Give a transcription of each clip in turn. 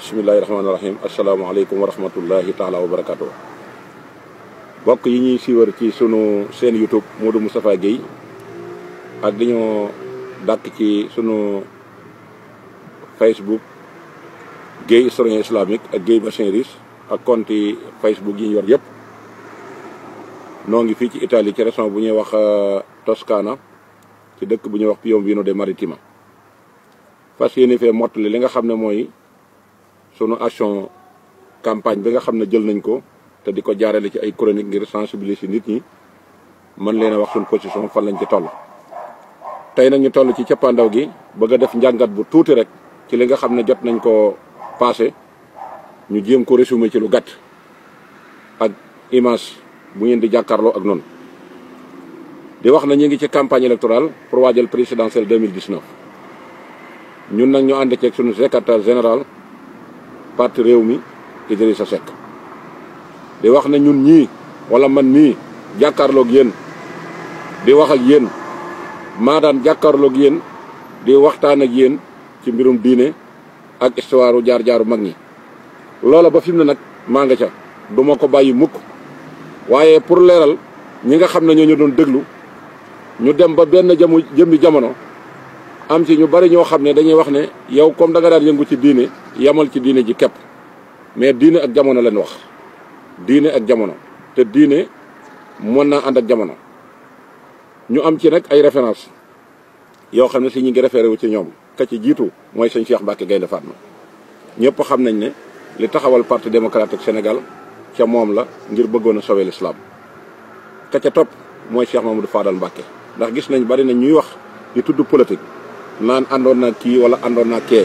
bisimilahi rahmaani rahim asalaamaaleykum wa rahmatullahi taala wa barakaatu. mbokk yi ñuy siiwar ci sunu seen YouTube Modou Moustapha Guèye ak di ñu ci sunu Facebook Guèye historien islamique ak Guèye Bachir Riche ak conti Facebook yi ñu yor yëpp. noo ngi fii ci Italie ci région bu ñuy wax euh, Toscana ci dëkk bu ñuy wax Piombino de Maritima fas yéene fee mottali li nga xam ne mooy. sunu action campagne bi nga xam ne jël nañ ko te di ko jaarale ci ay chronique ngir sensibilisé nit ñi mën leen a wax suñu position fan lañ ci toll. tey nag ñu toll ci cappaandaw gi bëgg a def njàngat bu tuuti rek ci li nga xam ne jot nañ ko passé ñu jéem ko résumé ci lu gàtt ak image bu ngeen di jàkkaarloo ak noon di wax na ñu ngi ci campagne électorale pour waajal présidentielle 2019 ñun nag ñu ànd ceeg sunu secrétaire général. pàtt réew mi Idrissa Seck di wax ne ñun ñii wala man mii jàkkaarloog yéen di wax ak yéen maa daan jàkkaarloog yéen di waxtaan ak yéen ci mbirum diine ak istuwaaru jaar-jaaru mag ñi loola ba fi mu ne nag maa nga ca duma ko bàyyi mukk waaye pour leeral ñi nga xam ne ñoo ñu doon déglu ñu dem ba benn jamu jëmmi jamono am ci ñu bari ñoo xam ne dañuy wax ne yow comme da nga daan yëngu ci diine yamal ci diine ji képp mais diine ak jamono lañ wax diine ak jamono te diine mën naa ànd ak jamono ñu am ci rek ay référence yoo xam ne si ñu ngi référé wu ci ñoom ka jiitu mooy sëñ Cheikh Mbacke Gaynde Fatma ñëpp xam nañ ne li taxawal parti démocratique Sénégal ca moom la ngir bëggoon a sauver l'islam ka ca topp mooy Cheikh Mamadou Fadal Mbacke ndax gis nañ bari nañ ñuy wax di tudd politique naan àndoon na kii wala àndoon na kee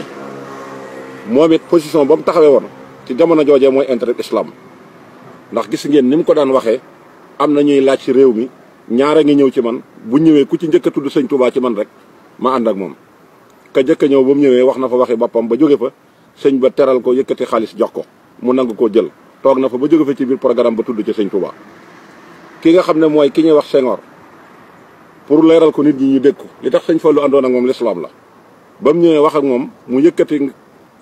moom it position ba mu taxawee woon ci jamono joojee mooy intérêt islam ndax gis ngeen ni mu ko daan waxee am na ñuy laaj ci réew mi ñaara ngi ñëw ci man bu ñëwee ku ci njëkk tudd sëñ Touba ci man rek ma ànd ak moom. ka njëkk ñëw ba mu ñëwee wax na fa waxi boppam ba jóge fa sëñ ba teral ko yëkkati xaalis jox ko mu nangu ko jël toog na fa ba jóge fa ci biir programme ba tudd ci sëñ Touba ki nga xam ne mooy ki ñuy wax Senghor. pour leeral ko nit ñi ñu dégg ko li tax sëñ Fallou àndoon ak moom lislaam la ba mu ñëwee wax ak moom mu yëkkati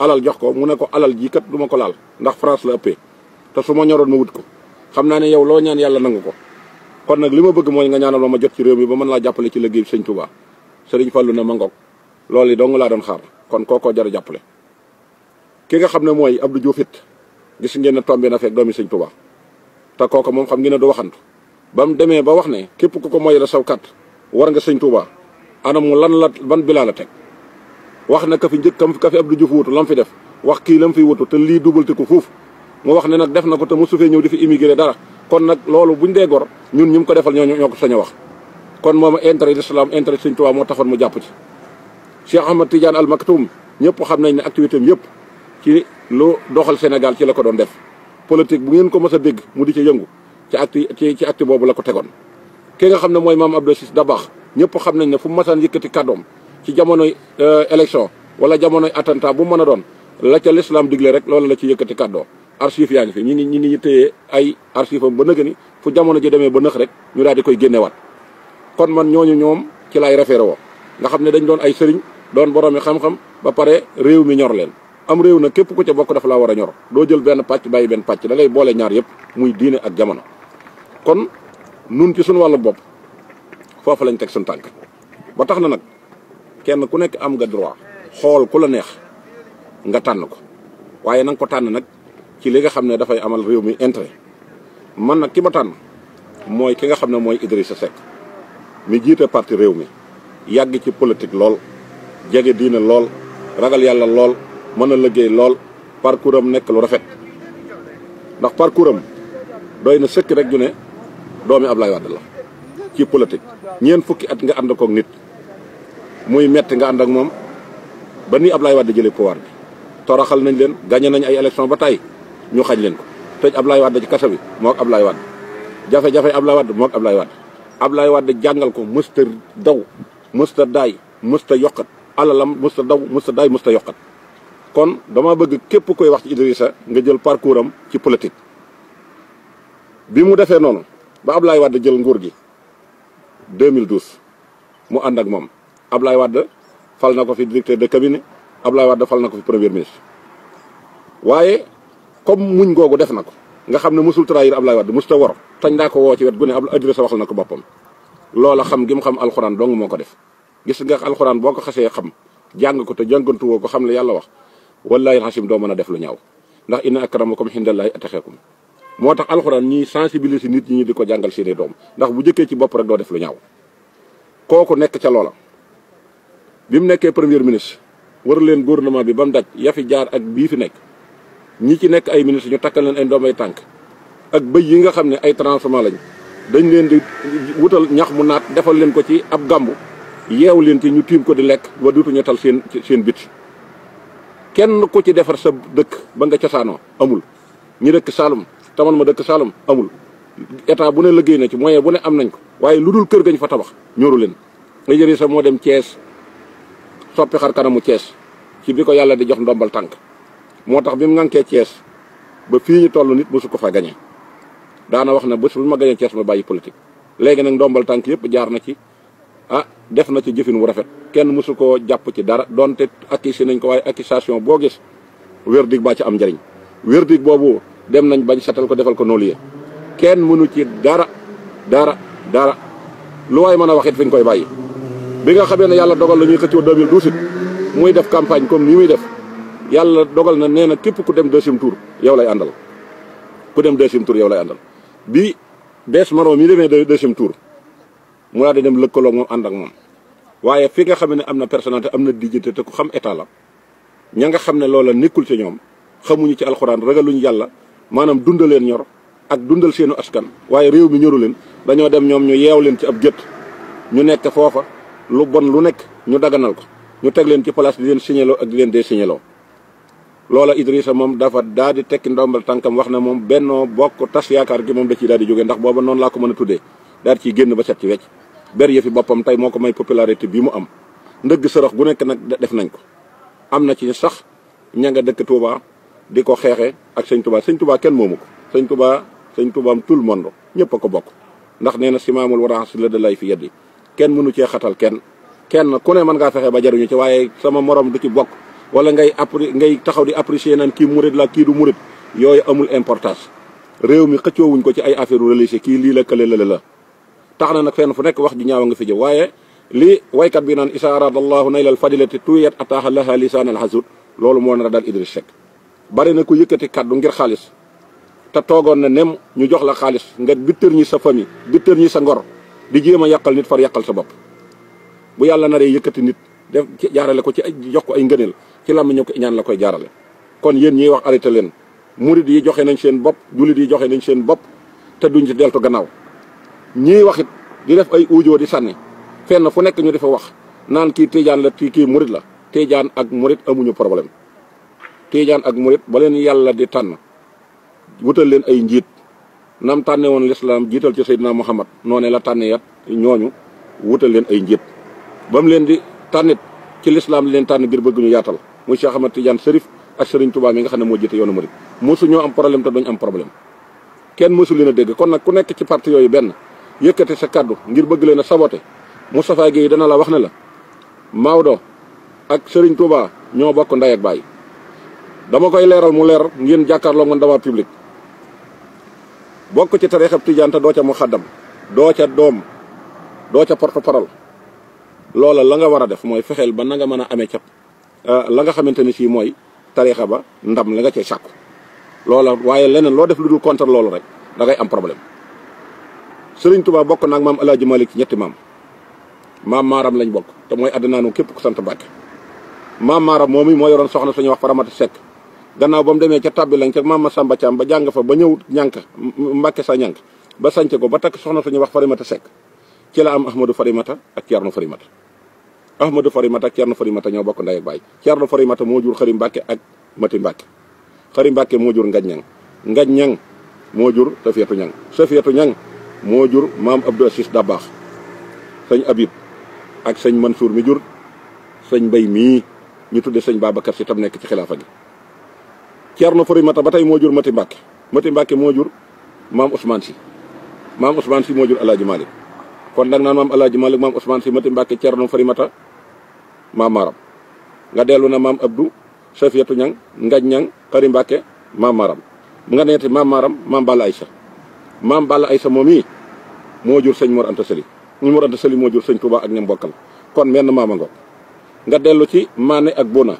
alal jox ko mu ne ko alal ji kat du ma ko laal ndax France la ëppee te su ma ñoroon ma wut ko xam naa ne yow loo ñaan yàlla nangu ko kon nag li ma bëgg mooy nga ñaanal ma ma jot ci réew mi ba man laa jàppale ci liggéey sëñ Touba sëriñ Fallou ne ma ngoog loolu yi dong laa doon xaar kon kookoo jar a jàppale ki nga xam ne mooy Abdou Diouf it gis ngeen ne tombé na fekk doomi sëñ Touba te kooko moom xam ngeen ne du waxantu ba mu demee ba wax ne képp ku ko moy la saw kat war nga sëñ Touba anam mu lan la ban bilaa la teg wax na ka fi njëkkam ka fi Abdou Diouf wutu lam fi def wax kii lam fi wutu te lii dubalte ko fuuf mu wax ne nag def na ko te mu sufee ñëw di fi immigré dara kon nag loolu bu dee gor ñun ñu ko defal ñoo ñoo ko sañ a wax kon moom intérêt l'islam intérêt sëñ Touba moo taxoon mu jàpp ci Cheikh Ahmad Tidiane Al Maktoum ñëpp xam nañ ne activité am yëpp ci lu doxal Sénégal ci la ko doon def politique bu ngeen ko a dégg mu di ci yëngu ci acti ci ci acti boobu la ko tegoon ki nga xam ne mooy maam Abdou Ciss Dabakh ñëpp xam nañ ne fu masaan yëkkati kàddoom ci jamonoy euh, élection wala jamonoy attentat bu mën a doon la ca l'islam digle rek loolu la ci yëkkati kàddoo archive yaa ngi fi ñi ngi ñi ngi téye ay archive am ba nëgë fu jamono ji demee ba nëx rek ñu daal di koy génnewaat kon man ñooñu ñoom ci laay référé woo nga xam ne dañ doon ay sëriñ doon boroomi xam-xam ba pare réew mi ñor leen am réew na képp ku ca bokk dafa laa war a ñor doo jël benn pàcc bàyyi benn pàcc da lay boole ñaar yëpp muy diine ak jamono nun ci suñu wàllu bopp foofu lañ teg suñu tànk ba tax na nag kenn ku nekk am nga droit xool ku la neex nga tànn ko waaye na ko tànn nag ci li nga xam ne dafay amal réew mi intérêt man nag ki ma tànn mooy ki nga xam ne mooy Idrissa Seck mi jiite parti réew mi yàgg ci politique lool jege diine lool ragal yàlla lool mën a liggéey lool parcours am nekk lu rafet ndax parcours am doy na sëkk rek ju ne doomi Ablaye Wade la ci politique ñeent fukki at nga ànd ak nit muy metti nga ànd ak moom ba nii ab lay Wade jëlee pouvoir bi toroxal nañ leen gagné nañ ay élection ba tey ñu xañ leen ko ab Ablaye Wade ci kaso bi moo ak Ablaye Wade jafe-jafe Ablaye Wade moo ak Ablaye Wade Ablaye Wade jàngal ko mësta daw mësta daay mësta yokkat alalam mësta daw mësta day mësta yokkat kon dama bëgg képp koy wax ci Idrissa nga jël parcours am ci politique bi mu defee noonu ba Ablaye Wade jël nguur gi 2012 mu ànd ak moom Ablaye Wade fal na ko fi directeur de cabinet Ablaye Wade fal na ko fi premier ministre waaye comme muñ googu def na ko nga xam ne mosul trahir Ablaye Wade mosut a woro tañ daa ko woo ci wet gu ne Ablaye Idrissa waxal na ko boppam loola xam gi xam alxuraan dong moo ko def gis nga alxuraan boo ko xasee xam jàng ko te jàngantu woo ko xam la yàlla wax wallaahi alxasim doo mën a def lu ñaaw ndax inna akramakum xindallaahi ataxeekum moo tax alxuraan ñuy sensibiliser nit ñi di ko jàngal seeni doom ndax bu jëkkee ci bopp rek doo def lu ñaaw kooku nekk ca loola bi mu nekkee premier ministre war leen gouvernement bi ba mu daj ya fi jaar ak bii fi nekk ñi ci nekk ay ministre ñu takkal leen ay ndombay tànk ak bëy yi nga xam ne ay transformant lañ dañ leen di wutal ñax mu naat defal leen ko ci ab gàmbu yeew leen ci ñu tiim ko di lekk wa duutuñu tal seen seen bit kenn ku ci defar sa dëkk ba nga cosaanoo amul ñu dëkk Saalum taman ma dëkk Saalum amul état bu ne liggéey na ci moyen bu ne am nañ ko waaye lu dul kër gañ fa tabax ñoru leen sax moo dem cees soppi xar kanamu cees ci bi ko yàlla di jox ndombal tànk moo tax bi mu ŋànkee Thiès ba fii ñu toll nit mosu ko fa gañe daana wax na bés bu ma gañee Thiès ma bàyyi politique léegi nag ndombal tànk yëpp jaar na ci ah def na ci jëfin wu rafet kenn mosu koo jàpp ci dara donte accusé nañ ko waaye accusation boo gis verdict baa ci am njëriñ dem nañ bañ satal ko defal ko noolu lieu kenn mënu ci dara dara dara lu waay mën a wax it fi koy bàyyi. bi nga xamee ne yàlla dogal na ñuy xëccoo 2012 muy def campagne comme ni muy def yàlla dogal na nee na képp ku dem deuxième tour yow lay àndal ku dem deuxième tour yow lay àndal bi bees maroom yi demee deuxième tour mu daal di lëkkaloo moom àndak moom. waaye fi nga xamee ne am na personnalité am na dignité te ku xam état la ña nga xam ne loola nekkul ci ñoom xamuñu ci alxuraan ragaluñu yàlla. maanaam dundaleen ñor ak dundal seenu askan waaye réew mi ñoru leen dañoo dem ñoom ñu yeew leen ci ab gétt ñu nekk foofa lu bon lu nekk ñu daganal ko ñu teg leen ci place di leen signaloo ak di leen dee signaloo loola Idrissa moom dafa daa di tekki ndombal tànkam wax na moom benn bokk tas yaakaar gi moom da ciy daal di jógee ndax booba noonu laa ko mën a tuddee daal ciy génn ba set ci wecc ber yëfi boppam tey moo ko may popularité bi mu am ndëgg sërëx gu nekk nag def nañ ko am na ci sax ña nga dëkk Touba di ko xeexee ak sëñ tubaa sëñ tubaa kenn moomu ko sëñ tubaa sëñ tubaam tout le monde ñëpp a ko bokk ndax nee na simaamul waraxas la da lay fi yeddi kenn mënu cee xatal kenn kenn ku ne mën ngaa fexe ba jariñu ci waaye sama morom du ci bokk wala ngay appré ngay taxaw di apprécier naan kii murit la kii du murit yooyu amul importance réew mi xëccoowuñ ko ci ay affaire religieux kii lii la kële lële la tax na nag fenn fu nekk wax ju ñaaw nga fi jëw waaye lii waykat bi naan isa arada allahu loolu moo nar a daal bari na ko yëkkati kàddu ngir xaalis te toogoon na nem ñu jox la xaalis nga bitër ñi sa famille bitër ñi sa ngor di jéem a yàqal nit far yàqal sa bopp bu yàlla na naree yëkkati nit def jaarale ko ci ay jox ko ay ngëneel ci làmmiñu ko ñaan la koy jaarale kon yéen ñiy wax arrêté leen murid yi joxe nañ seen bopp jullit yi joxe nañ seen bopp te duñ ci deltu gannaaw ñii wax it di def ay uujoo di sànni fenn fu nekk ñu defa wax naan kii Tijaan la kii kii murid la Tijaan ak murid amuñu problème tiijaan ak murit ba leen yàlla di tànn wutal leen ay njiit nam tànne woon lislaam jiital ci Seydina Muhammad noone la tànne yat ñooñu wutal leen ay njiit ba mu leen di tànnit ci lislaam li leen tànn ngir bëgguñu ñu yaatal muy Cheikh Ahmad Tidiane Serif ak sëriñ Touba mi nga xam ne moo jiite yoonu murit mosu ñoo am problème te duñ am problème kenn mosu leen a dégg kon nag ku nekk ci parti yooyu benn yëkkati sa kaddu ngir bëgg leen a saboté Moustapha Guèye dana la wax ne la Maodo ak Serigne Touba ñoo bokk ndey baay dama koy leeral mu leer ngeen jàkkaarloo man damaa public bokk ci tarixab tijaan te doo ca mu xaddam doo ca doom doo ca porte parole loola la nga war a def mooy fexeel ba na nga mën a amee ca euh, la nga xamante ni sii mooy tarixa ba ndam la nga cee sàkku loola waaye leneen loo def lu dul contre loolu rek da am problème sëriñ Tuubaa bokk nag maam alaaji Malik ci ñetti maam maam maaram lañ bokk te mooy àddinaanu képp ku sant Mbàkke maam maaram moom i moo yoroon soxna suñuy wax faramata sekk gannaaw ba mu demee ca tabbi lañ ca maam Masamba Thiam ba jàng fa ba ñëw ñànk Mbàkke sa ñànk ba sañc ko ba takk soxna suñuy wax Farimata Seck ci la am Ahmadou Farimata ak Thierno Farimata Ahmadou Farimata ak Thierno Farimata ñoo bokk ndey ak baay Thierno Farimata moo jur Xari Mbàkke ak Mati Mbàkke Xari Mbàkke moo jur Ngañ Ñang Ngañ Ñang moo jur Safiyatu Ñang Safiyatu ñan moo jur maam Abdou Assis Dabaax sañ Abib ak sëñ Mansour mi jur sëñ bay mii ñu tudde sëñ Babacar si tam nekk ci xilaafa gi Ceerno Farimata ba tey moo jur Mati Mbàkke Mati Mbàkke moo jur maam Ousmane si maam Ousmane si moo jur Alaaji Malik kon nag naan maam Alaaji Malik maam Ousmane si Mati Mbàkke Ceerno Farimata maam Maram nga dellu na maam Abdou Safiyatu Ñang Ngaj Ñang maam Maram nga neeti maam Maram maam Balla Aysa maam Balla Aysa moom yi moo jur sëñ Mor Anta Sali ñu Mor Anta Sali moo jur sëñ Touba ak ñam bokkal kon menn maama nga nga dellu ci Maane ak Bona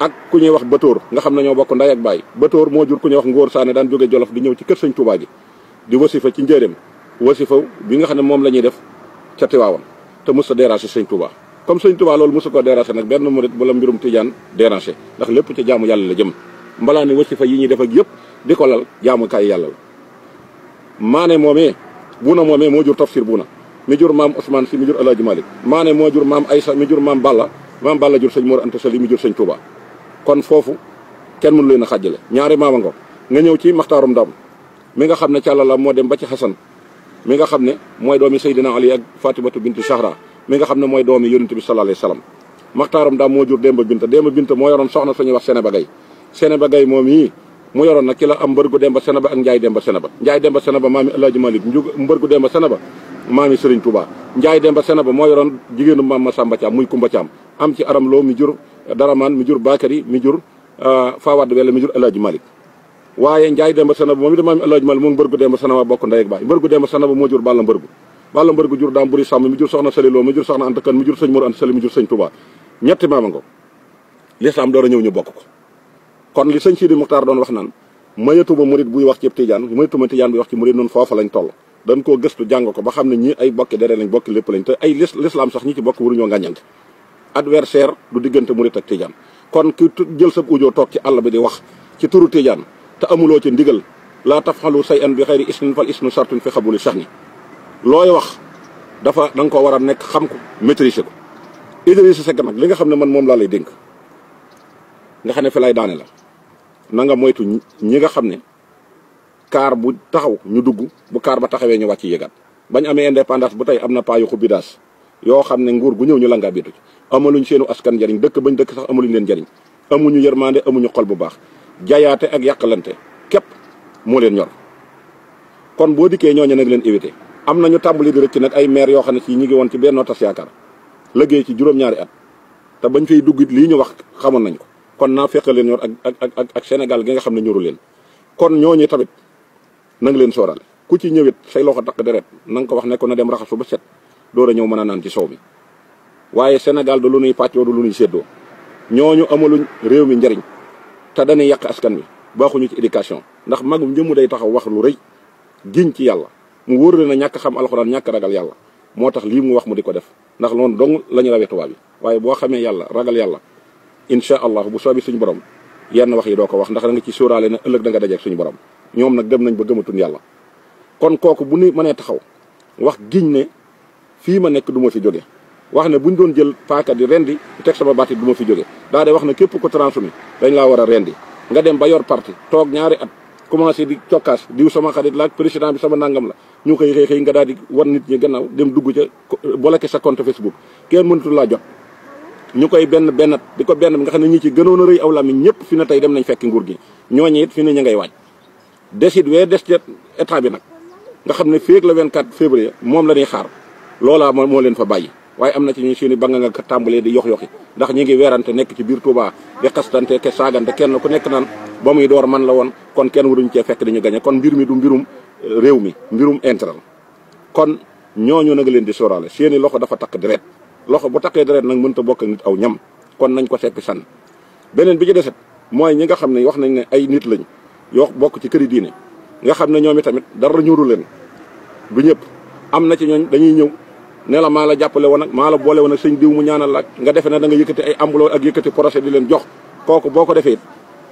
ak ku ñuy wax Batóor nga xam ne ñoo bokk nday ak baay Batóor moo jur ku ñuy wax Ngóor Saane daan jóge Jolof di ñëw ci kër sëñ Tuubaa gi di wasifa ci njëréem wasifa bi nga xam ne moom la ñuy def ca Tiwaawan te mos a déranger sëñ Tuubaa comme sëñ Tuubaa loolu mosu ko déranger nag benn murit bu la mbirum Tijaan déranger ndax lépp ci jaamu yàlla la jëm mbalaa ne wasifa yi ñuy def ak yëpp di ko lal jaamukaay yàlla la maane moomee buuna moomee moo jur tafsir buuna mi jur maam Ousmane si mi jur El Hadj moo jur maam Aysa mi jur maam Balla maam Balla jur sëñ Mor Anta Sali mi jur sëñ kon foofu kenn mënu leen a xàjjale ñaari maama ngoog nga ñëw ci maxtaarum dam mi nga xam ne càllala moo dem ba ci xasan mi nga xam ne mooy doomi Seydina Ali ak Fatimatu bintu Sahra mi nga xam ne mooy doomi yonente bi sallallahu alayhi wa sallam maxtaarum ndam moo jur Demba Binta Demba Binta moo yoroon soxna suñuy wax Seneba Gay ba Gay moom yi mu yoroon nag ki la am ba Demba Seneba ak Njaay Demba Seneba Njaay Demba Seneba maami Alaaji Malik njug mbërgu Demba Seneba maami Sëriñ Tuubaa Njaay Demba Seneba moo yoroon jigéenu maam Masamba Caam muy Kumba Caam am ci aram loo mi jur Daraman mi jur Bakary mi jur euh, Fawad Wele mi jur El Hadj Malick waaye Ndiaye Demba Sanaba moom itam maam El Hadj Malick moom mbërgu Demba Sanaba bokk ndey ak baay mbërgu Demba Sanaba moo jur jur Daam Buri Sàmm mi jur soxna Saliloo mi jur soxna Anta Kan mi jur sëñ Mor ñetti maama ngo lislaam door a ñëw ñu bokk ko kon li sëñ Sidi Muxtaar doon wax naan mayatuma murit buy wax ci tijaan mayatuma tijaan buy wax ci murit noonu foofa lañ toll dañ koo gëstu ko ba xam ne ñi ay lépp lañ sax ñi ci bokk waruñoo ngàññante adversaire du diggante murit ak tijaan kon ki jël sa ujoo toog ci àll bi di wax ci turu tijaan te amuloo ci ndigal laa tafxalu say an bi xayri isnin fal isnu sartun fi xabuli sax ni looy wax dafa da ko war a nekk xam ko maîtriser ko Idrissa Seck nag li nga xam ne man moom laa lay dénk nga xam ne fi lay la na nga moytu ñi nga xam ne kaar bu taxaw ñu dugg bu kaar ba taxawee ñu wàcc yéegaat bañ amee indépendance bu tey am na paa yu yoo xam ne nguur gu ñëw ñu langaa biitu amaluñ seenu askan njariñ dëkk bañ dëkk sax amaluñ leen njariñ amuñu yërmande amuñu xol bu baax jayaate ak yàqalante képp moo leen ñor kon boo dikkee ñooñu nag leen éviter am nañu tàmbali di rëcc nag ay maire yoo xam ne ci ñi ngi woon ci Benno Tass Yaakaar liggéey ci juróom-ñaari at te bañ fay dugg lii ñu wax xamoon nañ ko kon naa fekkal leen ñor ak ak ak ak Sénégal gi nga xam ne ñoru leen kon ñooñu tamit nang leen sóoraale ku ci ñëwit say loxo takk deret na nga ko wax ne dem raxasu ba set door a ñëw mën a naan ci soow mi waaye Sénégal du lu nuy pàccoo du lu nuy séddoo ñooñu amaluñ réew mi njariñ te dañuy yàq askan wi baaxuñu ci éducation ndax magum jëmm day taxaw wax lu rëy giñ ci yàlla mu wóor na ñàkk xam alxuraan ñàkk ragal yàlla moo tax lii mu wax mu di ko def ndax loolu dong la ñu rawee tubaab waaye boo xamee yàlla ragal yàlla incha allah bu soobi suñu borom yenn wax yi doo ko wax ndax da nga ci sóoraale na ëllëg da nga dajeeg suñu borom ñoom nag dem nañ ba gëmatun yàlla kon kooku taxaw fii ma nekk du ma fi jóge wax ne bu ñu doon jël paaka di rendi teg sama baat du ma fi jóge daa de wax ne képp ko transfumé dañ laa war a rendi nga dem ba yor parti toog ñaari at commencé di cokkaas diw sama xarit laa ak président bi sama nangam la ñu koy xëy xëy nga daal di war nit ñi gannaaw dem dugg ca bloqué sa compte Facebook kenn mënatu laa jot ñu koy benn benn di ko benn bi nga xam ne ñi ci gënoon a rëy aw làmmiñ ñëpp fi na tey dem nañ fekk nguur gi ñooñu it fi ne ñu ngay waaj desit wee des état bi nag nga xam ne féeg la 24 février moom la ñuy xaar loolaa moo moo leen fa bàyyi waaye am na ci ñu seeni ba nga nga tàmbalee di yox ndax ñi ngi weerante nekk ci biir Touba di xastante ke saagante kenn ku nekk naan ba muy door man la woon kon kenn waruñ cee fekk dañu gañe kon mbir mi du mbirum euh, réew mi mbirum intral kon ñooñu nag leen di sóoraale seeni loxo dafa takk deret loxo bu takkee deret nag mënta bokk nit aw ñam kon nañ ko seppi san beneen bi ci deset mooy ñi nga xam ne wax nañ ne ay nit lañ yoo bokk ci këri nga xam ne ñoom i tamit dara ñuuru leen du ñëpp am na ci ñooñ dañuy ñëw ne la maa la jàppale woon ak maa la boole woon ak sëñ diw mu ñaanal ak nga defe ne da nga yëkkati ay ambuloo ak yëkkati projet di leen jox kooku boo ko defee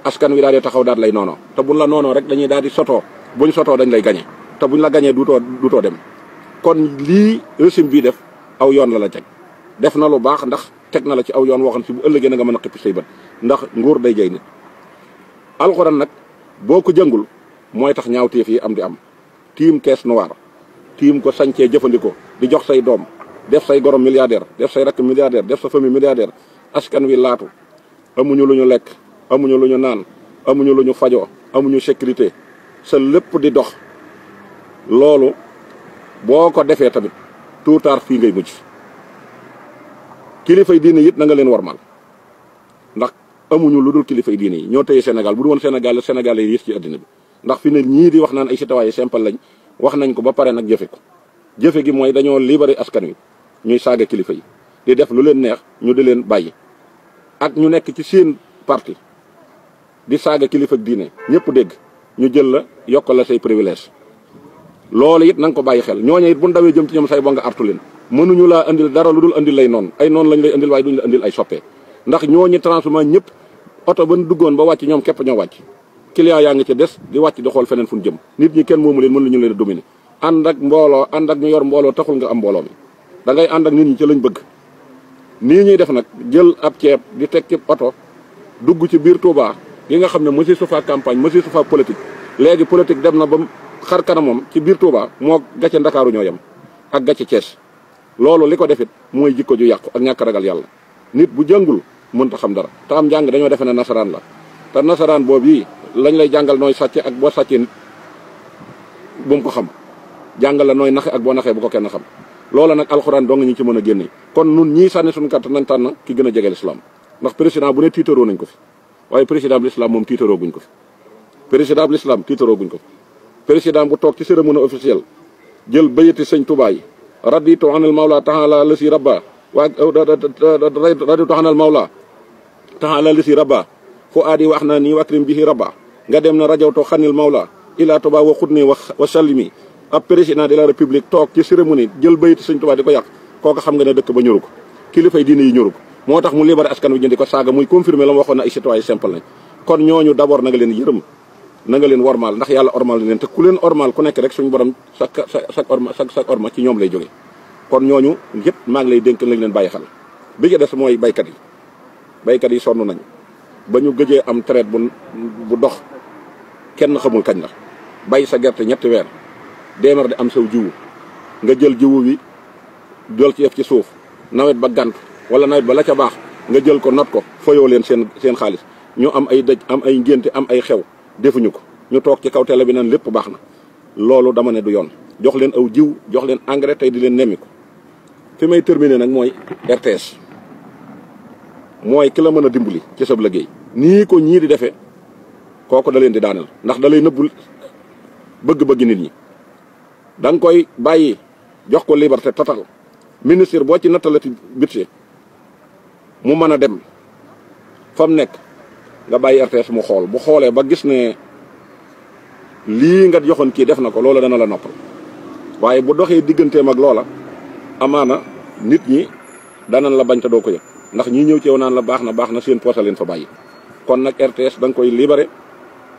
askan wi daal taxaw daal lay noonoo te buñ la noonoo rek dañuy daal di sotoo buñ sotoo dañ lay gañe te buñ la gañee duutoo duutoo dem kon lii régime bii def aw yoon la la teg def na lu baax ndax teg na la ci aw yoon woo xam si bu ëllëgee na nga mën a xippi say bët ndax nguur day jay nit alxuraan nag boo ko jëngul mooy tax ñaawteef yi am di am tiim caisse noire tiim ko sañcee jëfandikoo di jox say doom def say gorom milliardaire def say rakk milliardaire def sa famille milliardaire askan wi laatu amuñu lu ñu lekk amuñu lu ñu naan amuñu lu ñu fajo amuñu sécurité sa lépp di dox loolu boo ko defee tamit tôt tard fii ngay mujj kilifay diine it na nga leen warmal ndax amuñu lu dul kilifay diine yi ñoo téye Sénégal bu du woon Sénégal Sénégalais yi yës ci àddina bi ndax fi ne ñii di wax naan ay citoyen sempal lañ wax nañ ko ba pare nag jëfe ko jëfe gi mooy dañoo libéré askan wi ñuy saaga kilifa yi di def lu leen neex ñu di leen bàyyi ak ñu nekk ci seen parti di saaga kilifa ak diine ñëpp dégg ñu jël la yokk la say privilège loolu it ko bàyyi xel ñooñu it bu ndawee jëm ci ñoom say bo nga artu mënuñu laa andil dara lu dul andil lay noon ay noonu lañ lay andil waaye duñu la andil ay soppee ndax ñooñu transhumant ñëpp oto ba nu duggoon ba wàcc ñoom képp ñoo wàcc client yaa ngi ci des di wàcc di xool nit ñi kenn moomu leen mën lu leen a ànd ak mbooloo ànd ak ñu yor mbooloo taxul nga am mbooloo mi da ngay ànd ak nit ñi ci lañ bëgg nii ñuy def nag jël ab ceeb di teg ci oto dugg ci biir Touba yi nga xam ne monsieur sufa campagne monsieur sufa politique léegi politique dem na ba xar kanamam ci biir Touba moo gàcce ndakaaruñoo ñoo ak gàcce Thiès loolu li ko defit mooy jikko ju yàqu ak ñàkk ragal yàlla nit bu jàngul mënta xam dara te am dañoo defe ne nasaraan la te nasaraan boobu yi lañ lay jàngal nooy sàcce ak boo sàccee nit ko xam jàngal la nooy naxe ak boo naxee bu ko kenn xam loola nag alxuraan dong ñu ci mën a génne kon nun ñii sànni suñu kàtt nañ tànn ki gën a jege lislaam ndax président bu ne tiitaroo nañ ko fi waaye président bu lislaam moom tiitaroo guñ ko fi président bu lislaam tiitaroo guñ ko fi président bu toog ci cérémonie officielle jël bayati sëñ Tuubaa yi raditu anil mawla taala lasi rabba waa raditu anil mawla taala lasi rabba fu aadi wax na nii wakrim bihi rabba nga dem na rajawto xanil mawla ila tuba wa xudni wa sallimi ab président de la république toog ci cérémonie jël bayitu suñ Tuubaa di ko yàq kooku xam nga ne dëkk ba ñoru ko kilifay diine yi ñoru moo tax mu libéré askan wi ñu di ko saaga muy confirmer la ma waxoon na ay citoyen simple nañ kon ñooñu d'abord na leen yërëm na nga leen ormaal ndax yàlla ormaal na leen te ku leen ormaal ku nekk rek suñu borom sa sa sa orma sa sa orma ci ñoom lay jógee kon ñooñu yëpp maa ngi lay dénk nañ leen bàyyi xel bi ci des mooy baykat baykat yi sonn nañ ba ñu gëjee am traite bu bu dox kenn xamul kañ la sa gerte ñetti weer demar di am sew jiwu nga jël jiwu wi dool ci def ci suuf nawet ba gant wala nawet ba la ca baax nga jël ko not ko foyoo leen seen seen xaalis ñu am ay dëj am ay ngénte am ay xew defuñu ko ñu toog ci kaw télé bi naan lépp baax na loolu dama ne du yoon jox leen aw jiw jox leen engrais tey di leen nemmiku fi may terminer nag mooy RTS mooy ki la mën a dimbali ci sab liggéey nii ko ñii di defee kooku da leen di daaneel ndax da lay nëbbul bëgg-bëgg nit ñi danga koy bàyyi jox ko liberté total ministre boo ci nattalati budget mu mën a dem fa mu nekk nga bàyyi RTS mu xool bu xoolee ba gis ne lii nga joxoon kii def na ko loola dana la noppal waaye bu doxee diggantee ak loola amaana nit ñi danañ la bañ te doo ko ndax ñi ñëw ci yow naan la baax na baax na seen poche leen fa bàyyi. kon nag RTS da nga koy libéré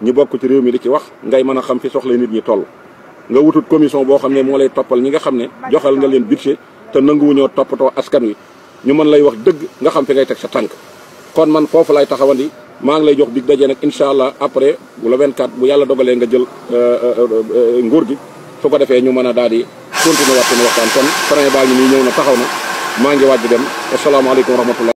ñu bokk ci réew mi di ci wax ngay mën a xam fi soxla nit ñi toll. nga wutut commission boo xam ne moo lay toppal ñi nga xam ne joxal nga leen budget te nanguwuñoo toppatoo askan wi ñu man lay wax dëgg nga xam fi ngay teg sa tànk kon man foofu lay taxawandi maa ngi lay jox dig dajee nag incha allah après le 24 bu yàlla dogalee nga jël euh, euh, euh, nguur gi su ko defee ñu mën a daal di continuer waxtaan waxtaan kon train baa ngi nii ñëw na taxaw na maa ngi waaj dem asalaamaaleykum wa rahmatullah